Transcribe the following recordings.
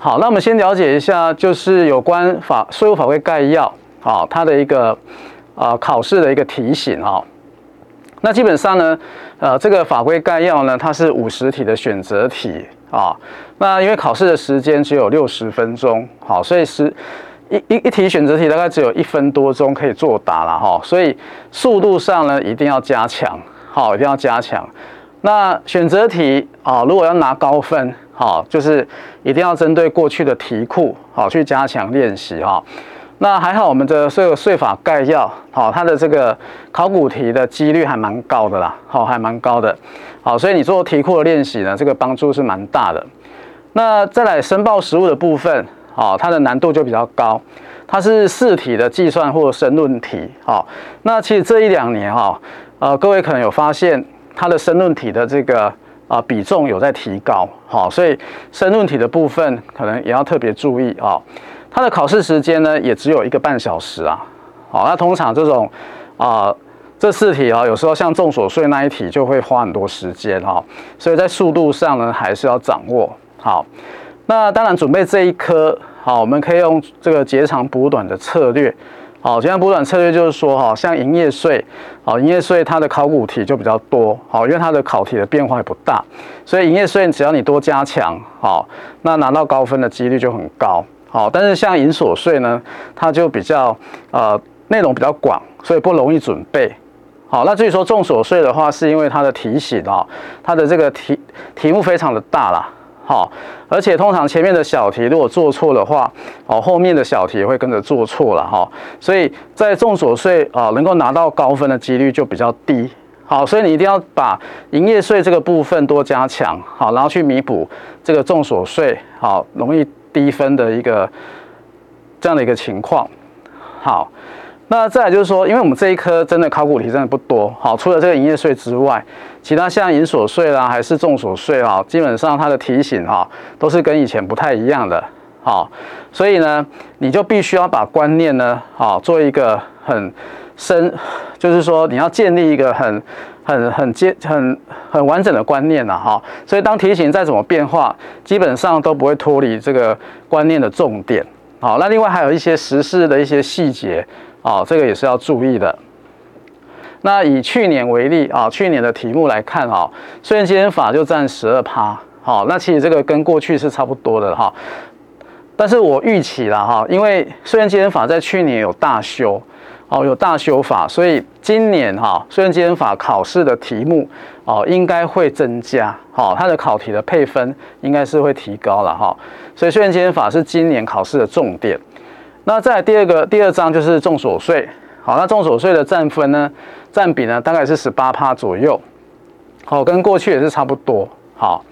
好，那我們先了解一下，就是有關法稅務法規概要，好、哦，它的一個啊、呃、考試的一個提醒啊、哦。那基本上呢，呃，這個法規概要呢，它是五十題的選擇題啊、哦。那因為考試的時間只有六十分鐘，好、哦，所以是一一一題選擇題大概只有一分多鐘可以作答了哈、哦。所以速度上呢，一定要加強，好、哦，一定要加強。那選擇題啊、哦，如果要拿高分。好、哦，就是一定要針對過去的題庫好、哦、去加強練習哈、哦。那還好，我們的所有稅法概要好、哦，它的這個考古題的幾率還蠻高的啦，好、哦、還蠻高的。好、哦，所以你做題庫的練習呢，這個幫助是蠻大的。那再來申報實務的部分好、哦，它的難度就比較高，它是四題的計算或申論題好、哦，那其實這一兩年哈、哦，呃，各位可能有發現，它的申論題的這個。啊，比重有在提高，好，所以申論題的部分可能也要特別注意啊、哦。它的考試時間呢，也只有一個半小時啊。好，那通常這種啊、呃、這四題啊、哦，有時候像眾所周知那一題就會花很多時間哈、哦，所以在速度上呢，還是要掌握好。那當然準備這一科好，我們可以用這個截長補短的策略。好，現在補短策略就是說，哈，像營業稅，好，營業稅它的考古題就比較多，好，因為它的考題的變化也不大，所以營業稅只要你多加強，好，那拿到高分的幾率就很高，好，但是像營所稅呢，它就比較，呃，內容比較廣，所以不容易準備，好，那至於說綜所稅的話，是因為它的題型啊，它的這個題題目非常的大啦。好，而且通常前面的小題如果做錯的話，哦，後面的小題會跟着做錯了哈，所以在綜所稅啊、呃，能夠拿到高分的幾率就比較低。好，所以你一定要把營業稅這個部分多加強，好，然後去彌補這個綜所稅，好，容易低分的一個這樣的一個情況，好。那再來就是說，因為我們這一科真的考古題真的不多，好，除了這個營業稅之外，其他像營所稅啦，還是綜所稅啊，基本上它的題型啊都是跟以前不太一樣的，好，所以呢，你就必須要把觀念呢，啊，做一個很深，就是說你要建立一個很、很、很接、很、很完整的觀念了、啊，哈，所以當題型再怎麼變化，基本上都不會脫離這個觀念的重點，好，那另外還有一些時事的一些細節。好、哦，這個也是要注意的。那以去年為例啊、哦，去年的題目來看啊，稅捐稽徵法就占十二趴。好、哦，那其實這個跟過去是差不多的哈、哦。但是我預期了哈、哦，因為稅捐稽徵法在去年有大修，哦，有大修法，所以今年哈稅捐稽徵法考試的題目哦，應該會增加。好、哦，它的考題的配分應該是會提高了哈、哦。所以稅捐稽徵法是今年考試的重點。那在第二個第二章就是綜所稅，好，那綜所稅的佔分呢，佔比呢大概是十八趴左右，好，跟過去也是差不多。好，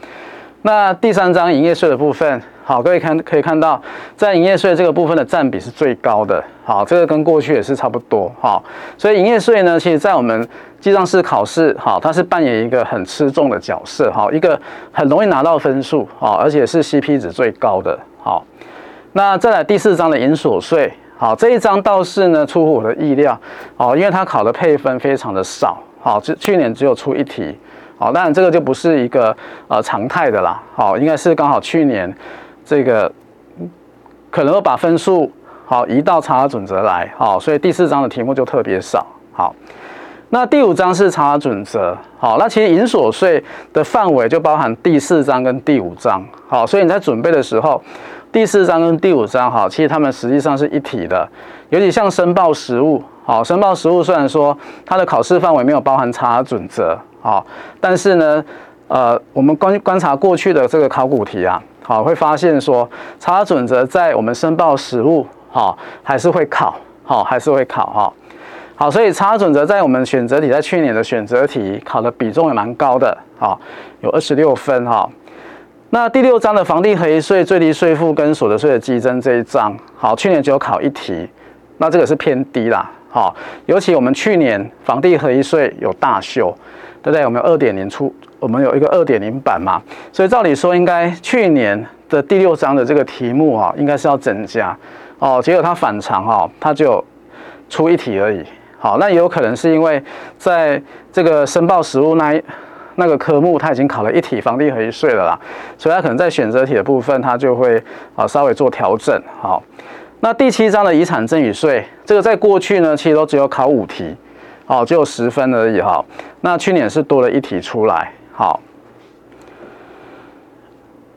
那第三章營業稅的部分，好，各位看可以看到，在營業稅這個部分的佔比是最高的，好，這個跟過去也是差不多，好，所以營業稅呢，其實在我們記帳士考試，好，它是扮演一個很吃重的角色，好，一個很容易拿到分數，好，而且是 CP 值最高的。那再來第四章的營所稅，好，這一章倒是呢出乎我的意料，哦，因為它考的配分非常的少，好、哦，去年只有出一題，好、哦，當然這個就不是一個呃常態的啦，好、哦，應該是剛好去年這個可能會把分數好、哦、移到查核準則來，好、哦，所以第四章的題目就特別少，好、哦，那第五章是查核準則，好、哦，那其實營所稅的範圍就包含第四章跟第五章，好、哦，所以你在準備的時候。第四章跟第五章哈，其實它們實際上是一體的，尤其像申報實務，好，申報實務雖然說它的考試範圍沒有包含查準則，好，但是呢，呃，我們觀觀察過去的這個考古題啊，好，會發現說查準則在我們申報實務，哈，還是會考，好，還是會考，哈，好，所以查準則在我們選擇題，在去年的選擇題考的比重也蠻高的，好，有二十六分，哈。那第六章的房地合一稅，最低稅負跟所得稅的稽徵這一章，好，去年只有考一題，那這個是偏低啦，好、哦，尤其我們去年房地合一稅有大修，對不對？我們有二點零出，我們有一個二點零版嘛，所以照理說應該去年的第六章的這個題目哈、啊，應該是要增加哦，結果它反常啊、哦，它就出一題而已，好，那也有可能是因為在這個申報實務那一。那個科目它已經考了一題房地合一稅了啦，所以它可能在選擇題的部分，它就會啊稍微做調整。好，那第七章的遺產贈與稅，這個在過去呢，其實都只有考五題，好，只有十分而已哈。那去年是多了一題出來。好，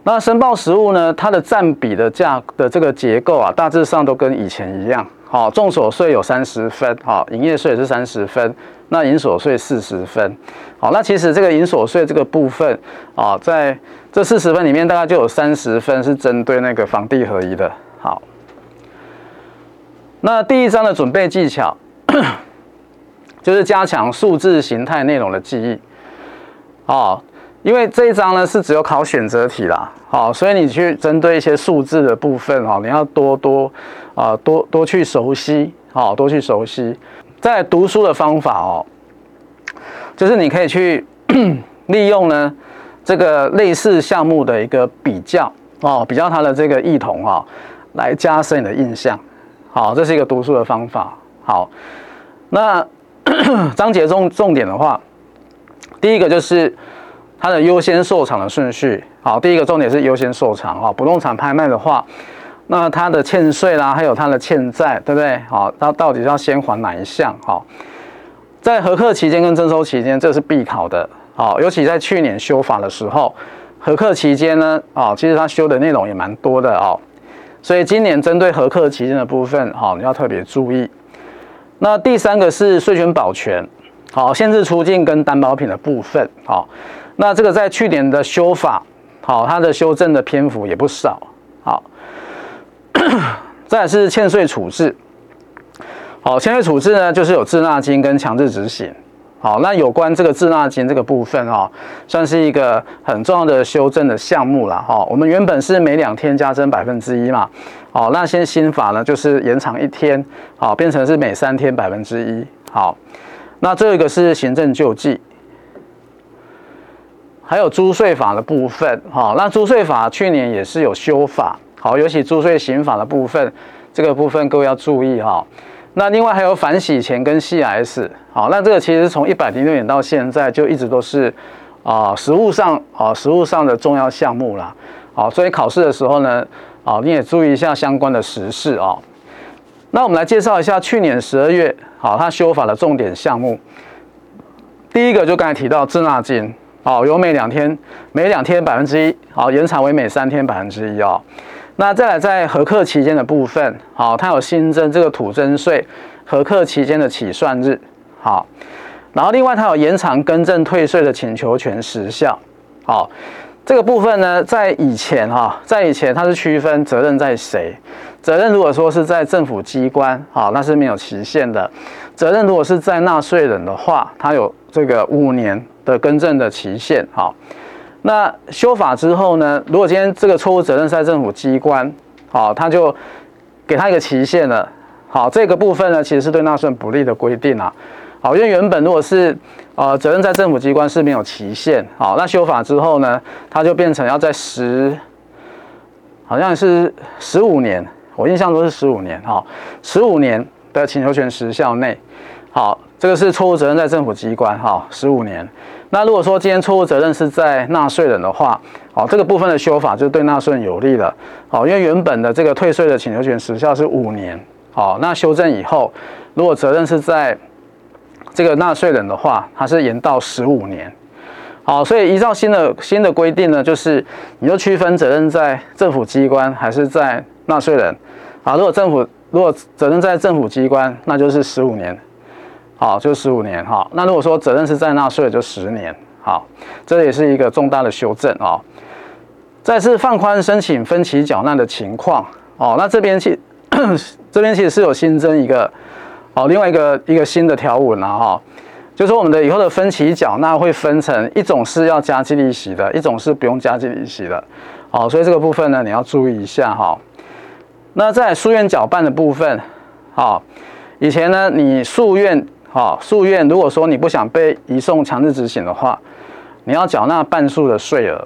那申報實務呢，它的佔比的價格的這個結構啊，大致上都跟以前一樣。好，綜所稅有三十分，好，營業稅也是三十分。那營所稅四十分，好，那其實這個營所稅這個部分啊，在這四十分裡面，大概就有三十分是針對那個房地合一的。好，那第一章的準備技巧， 就是加強數字形態內容的記憶。啊，因為這一章呢是只有考選擇題啦，好、啊，所以你去針對一些數字的部分哦、啊，你要多多啊多多去熟悉，好、啊、多去熟悉。啊在讀書的方法哦，就是你可以去 利用呢這個類似項目的一個比較哦，比較它的這個異同啊、哦，來加深你的印象。好，這是一個讀書的方法。好，那 章節重重點的話，第一個就是它的優先受償的順序。好，第一個重點是優先受償。啊，不動產拍賣的話。那它的欠稅啦、啊，還有它的欠債，對不對？好、哦，它到底是要先還哪一項？好、哦，在核課期間跟徵收期間，這是必考的。好、哦，尤其在去年修法的時候，核課期間呢，啊、哦，其實它修的內容也蠻多的哦。所以今年針對核課期間的部分，好、哦，你要特別注意。那第三個是稅權保全，好、哦，限制出境跟擔保品的部分，好、哦，那這個在去年的修法，好、哦，它的修正的篇幅也不少，好、哦。再來是欠稅處置，好，欠稅處置呢，就是有滯納金跟強制執行。好，那有關這個滯納金這個部分哦，算是一個很重要的修正的項目了哦。我們原本是每兩天加徵百分之一嘛，好，那現新法呢，就是延長一天，好，變成是每三天百分之一。好，那這個是行政救濟，還有租稅法的部分哈。那租稅法去年也是有修法。好，尤其租稅刑法的部分，這個部分各位要注意哈、哦。那另外還有反洗錢跟 CRS，好，那這個其實從一百零六年到現在就一直都是啊、呃、實務上啊、呃、實務上的重要項目啦。好，所以考試的時候呢，啊、哦、你也注意一下相關的時事啊、哦。那我們來介紹一下去年十二月啊，它修法的重點項目。第一個就剛才提到滯納金，哦、有好由每兩天每兩天百分之一，好延長為每三天百分之一啊。哦那再來，在核課期間的部分，好，它有新增這個土增稅核課期間的起算日，好，然後另外它有延長更正退稅的請求權時效，好，這個部分呢，在以前哈，在以前它是區分責任在誰，責任如果說是在政府機關，好，那是沒有期限的，責任如果是在納稅人的話，它有這個五年的更正的期限，好。那修法之後呢，如果今天這個錯誤責任在政府機關，好，他就給他一個期限了。好，這個部分呢，其實是對納稅人不利的規定啊。好，因為原本如果是呃責任在政府機關是沒有期限，好，那修法之後呢，它就變成要在十，好像是十五年，我印象中是十五年，好，十五年的請求權時效內。好，這個是錯誤責任在政府機關，哈，十五年。那如果說今天錯誤責任是在納稅人的話，哦，這個部分的修法就對納稅人有利了，哦，因為原本的這個退稅的請求權時效是五年，哦，那修正以後，如果責任是在這個納稅人的話，它是延到十五年，好，所以依照新的新的規定呢，就是你就區分責任在政府機關還是在納稅人，啊，如果政府，如果責任在政府機關，那就是十五年。好，就十五年哈。那如果說責任是在納稅，就十年。好，這也是一個重大的修正哦。再次放寬申請分期繳納的情況哦。那這邊其這邊其實是有新增一個哦，另外一個一個新的條文了、啊、哈、哦。就是我們的以後的分期繳納會分成一種是要加計利息的，一種是不用加計利息的。好、哦，所以這個部分呢，你要注意一下哈、哦。那在訴願繳半的部分，好、哦，以前呢，你訴願。好，訴願如果說你不想被移送強制執行的話，你要繳納半數的稅額。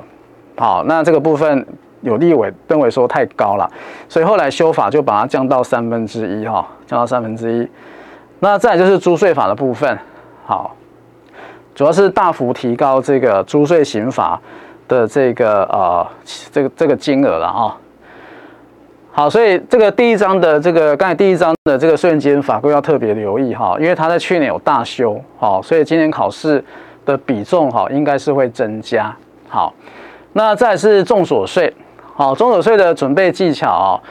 好，那這個部分有立委、鄧委說太高了，所以後來修法就把它降到三分之一。哈，降到三分之一。那再就是租稅法的部分，好，主要是大幅提高這個租稅刑法的這個呃這個這個金額了啊。喔好，所以這個第一章的這個剛才第一章的這個稅捐法規各位要特別留意哈、哦，因為他在去年有大修，好、哦，所以今年考試的比重哈、哦、應該是會增加。好，那再是綜所稅，好、哦，綜所稅的準備技巧、哦，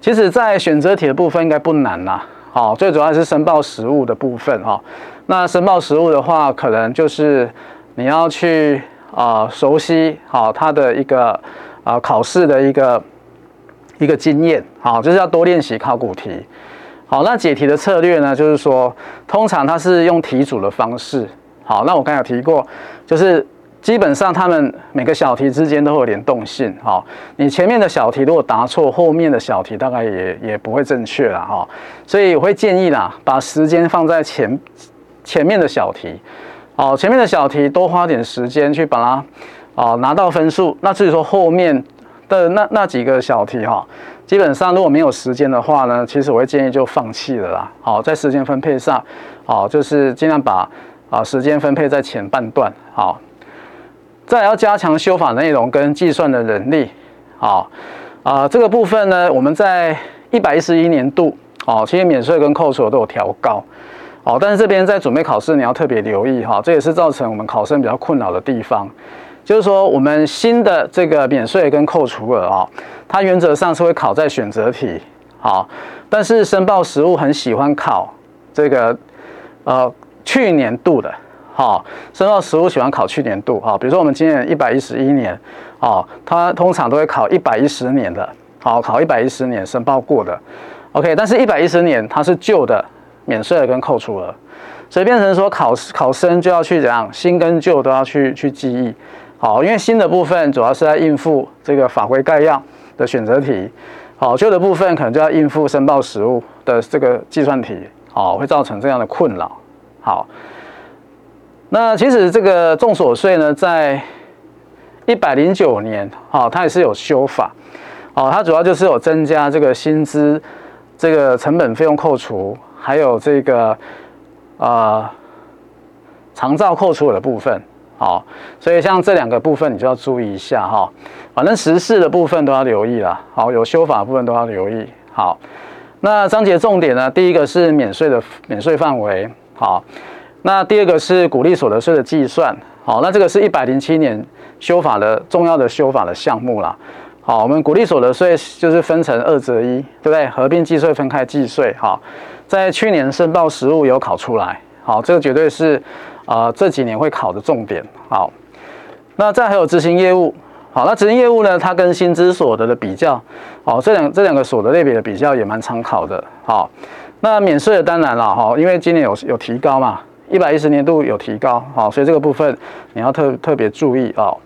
其實在選擇題的部分應該不難啦。好、哦，最主要是申報實務的部分哈、哦。那申報實務的話，可能就是你要去啊、呃、熟悉好、哦、它的一個啊、呃、考試的一個。一個經驗，好，就是要多練習考古題。好，那解題的策略呢？就是說，通常它是用題組的方式。好，那我剛才有提過，就是基本上他們每個小題之間都會有點動性。好，你前面的小題如果答錯，後面的小題大概也也不會正確了。哈，所以我會建議啦，把時間放在前前面的小題。好，前面的小題多花點時間去把它，啊，哦，拿到分數。那至於說後面，的那那幾個小題哈、哦，基本上如果沒有時間的話呢，其實我會建議就放棄了啦。好、哦，在時間分配上，好、哦，就是盡量把啊、哦、時間分配在前半段。好、哦，再要加強修法內容跟計算的能力。好、哦，啊、呃、這個部分呢，我們在一百一十一年度，哦，其實免稅跟扣除都有調高。哦，但是這邊在準備考試，你要特別留意哈、哦，這也是造成我們考生比較困擾的地方。就是說，我們新的這個免稅跟扣除額啊、哦，它原則上是會考在選擇題，好、哦，但是申報實務很喜歡考這個，呃，去年度的，好、哦，申報實務喜歡考去年度，好、哦，比如說我們今年一百一十一年，哦，它通常都會考一百一十年的，好、哦，考一百一十年申報過的，OK，但是一百一十年它是舊的免稅跟扣除額，所以變成說考考生就要去怎樣，新跟舊都要去去記憶。好，因為新的部分主要是在應付這個法規概要的選擇題，好，舊的部分可能就要應付申報實務的這個計算題，好，會造成這樣的困擾。好，那其實這個綜所稅呢，在一百零九年，好，它也是有修法，哦，它主要就是有增加這個薪資、這個成本費用扣除，還有這個呃，長照扣除的部分。好，所以像這兩個部分你就要注意一下哈，反正時事的部分都要留意了。好，有修法的部分都要留意。好，那章節重點呢？第一個是免稅的免稅範圍。好，那第二個是股利所得稅的計算。好，那這個是一百零七年修法的重要的修法的項目了。好，我們股利所得稅就是分成二擇一，對不對？合併計稅分開計稅。好，在去年申報實務有考出來。好，這個絕對是。啊，這幾年會考的重點。好，那再還有執行業務。好，那執行業務呢，它跟薪資所得的比較好、哦，這兩這兩個所得類別的比較也蠻常考的。好、哦，那免稅的當然了哈、哦，因為今年有有提高嘛，一百一十年度有提高，好、哦，所以這個部分你要特特別注意啊、哦。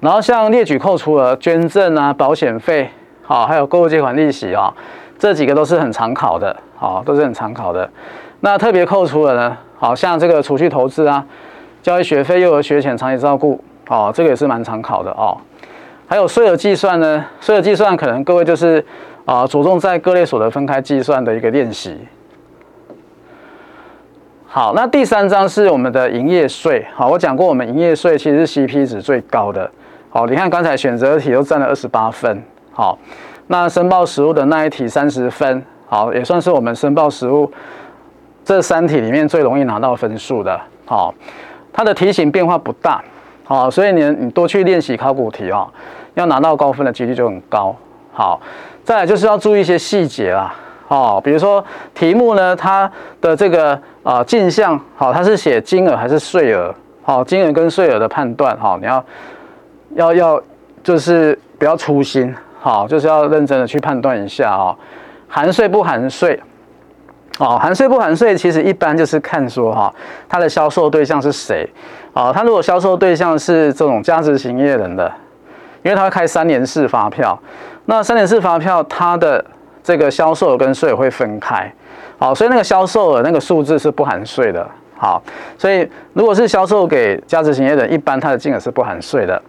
然後像列舉扣除了捐贈啊、保險費好、哦，還有購屋、借款利息啊、哦，這幾個都是很常考的，好、哦，都是很常考的。那特別扣除了呢？好像這個儲蓄投資啊，教育學費、幼兒學前、長期照顧，哦，這個也是蠻常考的哦。還有稅額計算呢？稅額計算可能各位就是啊、呃，着重在各類所得分開計算的一個練習。好，那第三章是我們的營業稅。好，我講過我們營業稅其實是 CP 值最高的。好，你看剛才選擇題都佔了二十八分。好，那申報實務的那一題三十分，好，也算是我們申報實務，這三題裡面最容易拿到分數的，好、哦，它的題型變化不大，好、哦，所以你你多去練習考古題、哦、要拿到高分的幾率就很高。好、哦，再來就是要注意一些細節了、哦，比如說題目呢，它的這個啊進項，好、呃哦，它是寫金額還是稅額，好、哦，金額跟稅額的判斷，哦、你要要要就是不要粗心，好、哦，就是要認真的去判斷一下啊、哦，含稅不含稅。哦，含稅不含稅，其實一般就是看說哈、哦，他的銷售對象是誰。啊、哦，他如果銷售對象是這種加值型業人的，因為他會開三聯式發票，那三聯式發票他的這個銷售額跟稅會分開。好、哦，所以那個銷售額那個數字是不含稅的。好、哦，所以如果是銷售給加值型業人，一般他的金額是不含稅的。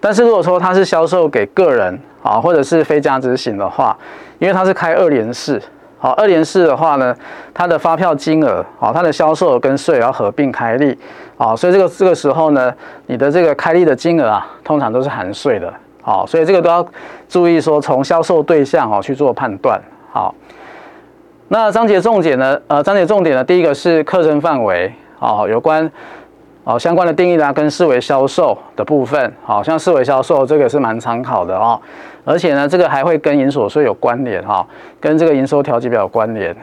但是如果說他是銷售給個人啊、哦，或者是非加值型的話，因為他是開二聯式。好，二聯式的話呢，它的發票金額，好，它的銷售跟稅要合併開立，啊，所以這個這個時候呢，你的這個開立的金額啊，通常都是含稅的，好，所以這個都要注意說從銷售對象哦去做判斷，好。那章節重點呢，呃，章節重點呢，第一個是課徵範圍，啊，有關，啊相關的定義啦、啊，跟視為銷售的部分，好像視為銷售這個是蠻常考的啊。而且呢，這個還會跟營所稅有關聯哈，跟這個營收調節表有關聯。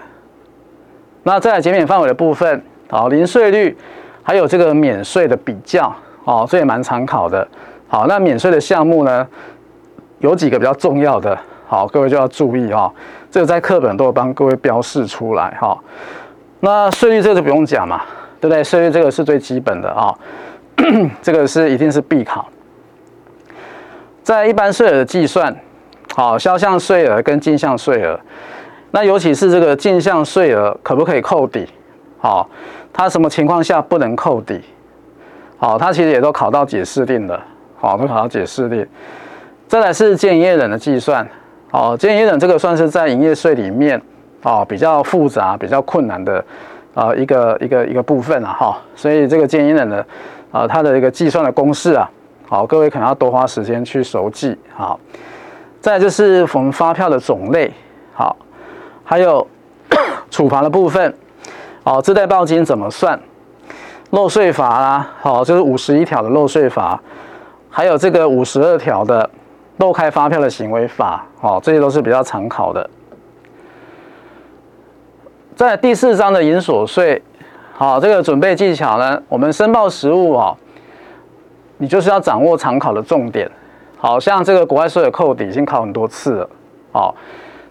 那在減免範圍的部分，好，零稅率還有這個免稅的比較哦，這也蠻常考的。好，那免稅的項目呢，有幾個比較重要的，好，各位就要注意哦，這個在課本都有幫各位標示出來哈。那稅率這個就不用講嘛，對不對？稅率這個是最基本的啊，這個是一定是必考。在一般稅額的計算，好，銷項稅額跟進項稅額，那尤其是這個進項稅額可不可以扣抵？好、哦，它什麼情況下不能扣抵？好、哦，它其實也都考到解釋令了，好、哦、都考到解釋令。再來是兼營業人的計算，好、哦、兼營業人這個算是在營業稅裡面啊、哦、比較複雜、比較困難的啊、呃、一個一個一個部分了、啊、哈、哦。所以這個兼營業人的啊、呃、它的一個計算的公式啊。好，各位可能要多花時間去熟記。好，再就是我們發票的種類。好，還有 處罰的部分。好，滯怠報金怎麼算？漏稅罰啦。好，就是五十一條的漏稅罰，還有這個五十二條的漏開發票的行為罰。好，這些都是比較常考的。在第四章的營所稅，好，這個準備技巧呢，我們申報實務啊、哦。你就是要掌握常考的重點，好像這個國外稅額扣抵已經考很多次了，哦，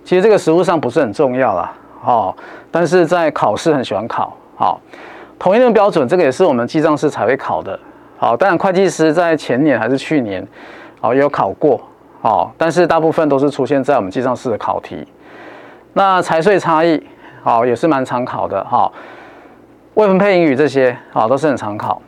其實這個實務上不是很重要了，哦，但是在考試很喜歡考，好，同一性標準這個也是我們記賬師才會考的，好，當然會計師在前年還是去年，好也有考過，哦，但是大部分都是出現在我們記賬師的考題，那財稅差異，好也是蠻常考的，好，未分配盈餘這些，好都是很常考。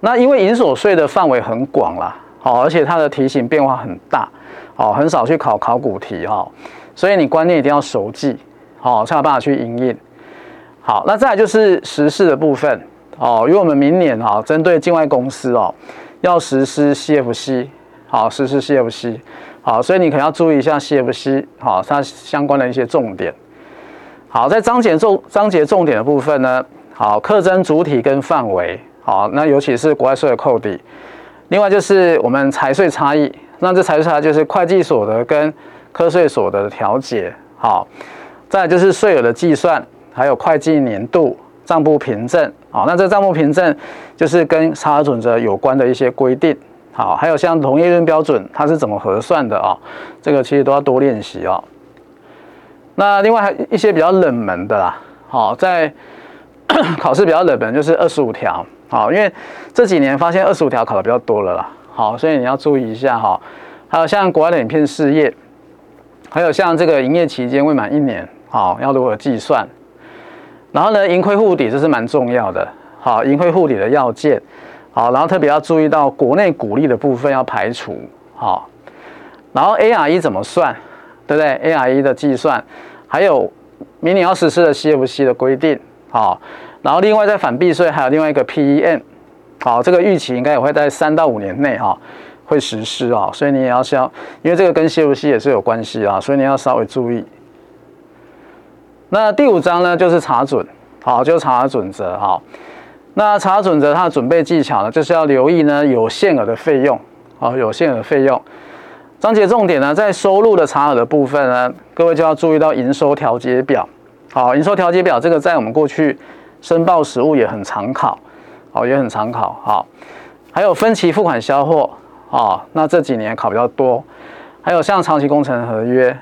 那因為營所稅的範圍很廣啦，好，而且它的題型變化很大，好，很少去考考古題哈，所以你觀念一定要熟記，好，才有辦法去因應。好，那再來就是時事的部分，因為我們明年哈，針對境外公司哦，要實施 CFC，好，實施 CFC，好，所以你可能要注意一下 CFC，好，它相關的一些重點。好，在章節重章節重點的部分呢，好，課徵主體跟範圍。好，那尤其是國外稅的扣抵，另外就是我們財稅差異，那這財稅差異就是會計所得跟課稅所得的調節。好，再來就是稅額的計算，還有會計年度賬簿憑證。好，那這賬簿憑證就是跟查準則有關的一些規定。好，還有像同業利潤標準它是怎麼核算的哦，這個其實都要多練習哦。那另外還有一些比較冷門的啦，好，在 考試比較冷門就是二十五條。好，因為這幾年發現二十五條考的比較多了啦。好，所以你要注意一下哈。還有像國外的影片事業，還有像這個營業期間未滿一年，好，要如何計算？然後呢，盈虧互抵這是蠻重要的。好，盈虧互抵的要件。好，然後特別要注意到國內股利的部分要排除。好，然後 ARE 怎麼算？對不對？ARE 的計算，還有明年要實施的 CFC 的規定。好。然後另外再反避稅，還有另外一個 P E N，好，這個預期應該也會在三到五年內哈會實施啊。所以你也要需要，因為這個跟稅務 c 也是有關係啊，所以你要稍微注意。那第五章呢，就是查準，好，就查準則哈，那查準則它的準備技巧呢，就是要留意呢有限額的費用，好，有限額的費用。章節重點呢，在收入的查核的部分呢，各位就要注意到營收調節表，好，營收調節表這個在我們過去申報實物也很常考，哦，也很常考。好、哦，還有分期付款銷貨、哦、那這幾年考比較多。還有像長期工程合約，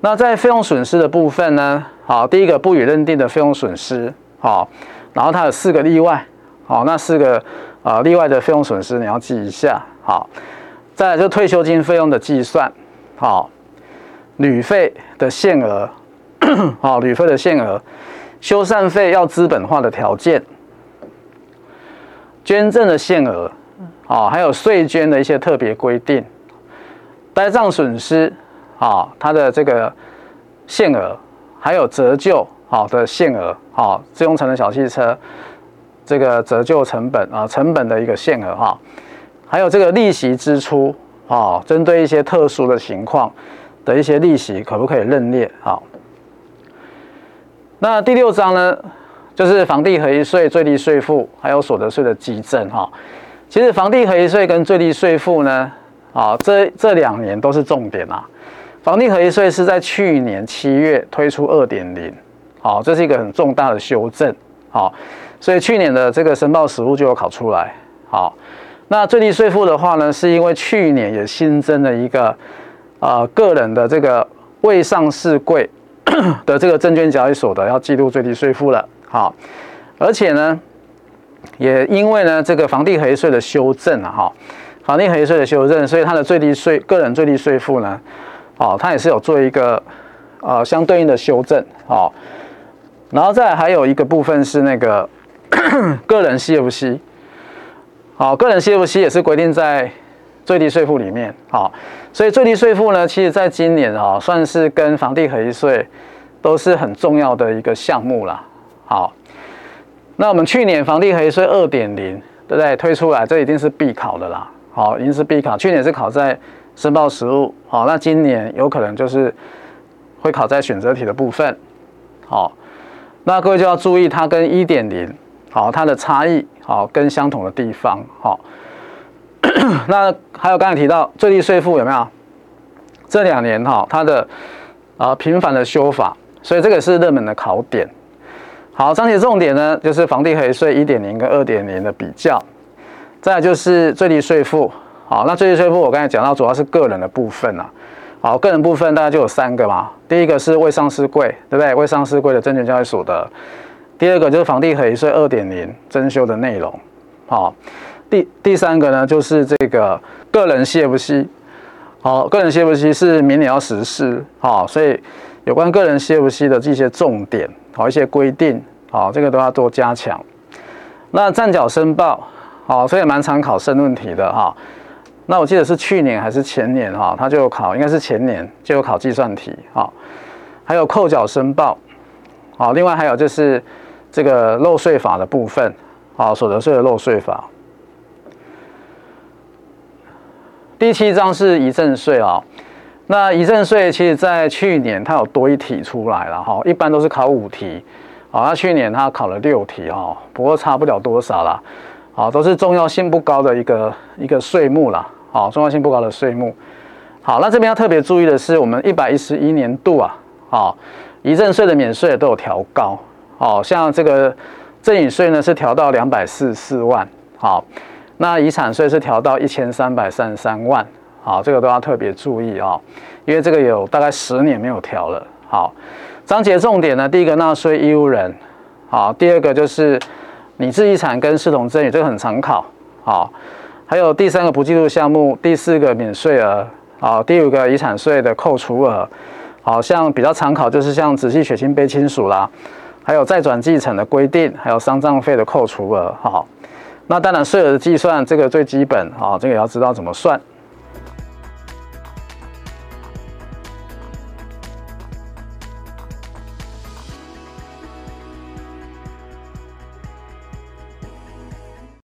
那在費用損失的部分呢？好、哦，第一個不予認定的費用損失，好、哦，然後它有四個例外，好、哦，那四個啊、呃、例外的費用損失你要記一下。好、哦，再來就退休金費用的計算，好、哦，旅費的限額，好、 哦，旅費的限額。修繕費要資本化的條件，捐贈的限額，啊，還有稅捐的一些特別規定，呆賬損失，啊，它的這個限額，還有折舊，好、啊、的限額，啊，自用乘的小汽車，這個折舊成本，啊，成本的一個限額，哈、啊，還有這個利息支出，啊，針對一些特殊的情況的一些利息，可不可以認列，啊。那第六章呢，就是房地合一稅、最低稅負還有所得稅的稽徵哈。其實房地合一稅跟最低稅負呢，啊、哦，這這兩年都是重點吶、啊。房地合一稅是在去年七月推出二點零，好，這是一個很重大的修正，好、哦，所以去年的這個申報實務就有考出來。好、哦，那最低稅負的話呢，是因為去年也新增了一個，啊、呃，個人的這個未上市櫃。的這個證券交易所的要記錄最低稅負了，好，而且呢，也因為呢這個房地合一稅的修正啊，哈，房地合一稅的修正，所以它的最低稅個人最低稅負呢，哦，它也是有做一個呃相對應的修正，哦，然後再還有一個部分是那個呵呵個人 CFC，好，個人 CFC 也是規定在。最低稅負裡面，好，所以最低稅負呢，其實在今年啊，算是跟房地合一稅都是很重要的一個項目了，好。那我們去年房地合一稅二點零，對不對？推出來，這一定是必考的啦，好，一定是必考。去年是考在申報實務，好，那今年有可能就是會考在選擇題的部分，好，那各位就要注意它跟一點零，好，它的差異，好，跟相同的地方，好。 那還有剛才提到最低稅負有沒有？這兩年哈、哦，它的啊、呃、頻繁的修法，所以這個是熱門的考點。好，章節重點呢就是房地合一稅一點零跟二點零的比較，再來就是最低稅負。好，那最低稅負我剛才講到主要是個人的部分啊。好，個人部分大家就有三個嘛，第一個是未上市櫃，對不對？未上市櫃的證券交易所得。第二個就是房地合一稅二點零增修的內容。好。第第三個呢，就是這個個人 CFC，好，個人 CFC 是明年要實施，好，所以有關個人 CFC 的這些重點，好，一些規定，好，這個都要多加強。那暫繳申報，好，所以也蠻常考申論題的哈。那我記得是去年還是前年哈，他就有考，應該是前年就有考計算題，好，還有扣繳申報，好，另外還有就是這個漏稅法的部分，好，所得稅的漏稅法。第七章是遺贈稅哦，那遺贈稅其實在去年它有多一題出來了哈，一般都是考五題，啊，去年它考了六題啊，不過差不了多少啦。啊，都是重要性不高的一個一個稅目啦。啊，重要性不高的稅目。好，那這邊要特別注意的是，我們一百一十一年度啊，啊，遺贈稅的免稅都有調高，哦，像這個贈與稅呢是調到兩百四十四萬，好。那遺產稅是調到一千三百三十三萬，啊，這個都要特別注意啊，哦，因為這個有大概十年沒有調了。好，章節重點呢，第一個納稅義務人，好，第二個就是擬制遺產跟視同贈與，這個很常考，好，還有第三個不計入項目，第四個免稅額，好，第五個遺產稅的扣除額，好像比較常考就是像直系血親卑親屬啦，還有再轉繼承的規定，還有喪葬費的扣除額，好。那當然，稅額的計算這個最基本啊、哦，這個也要知道怎麼算。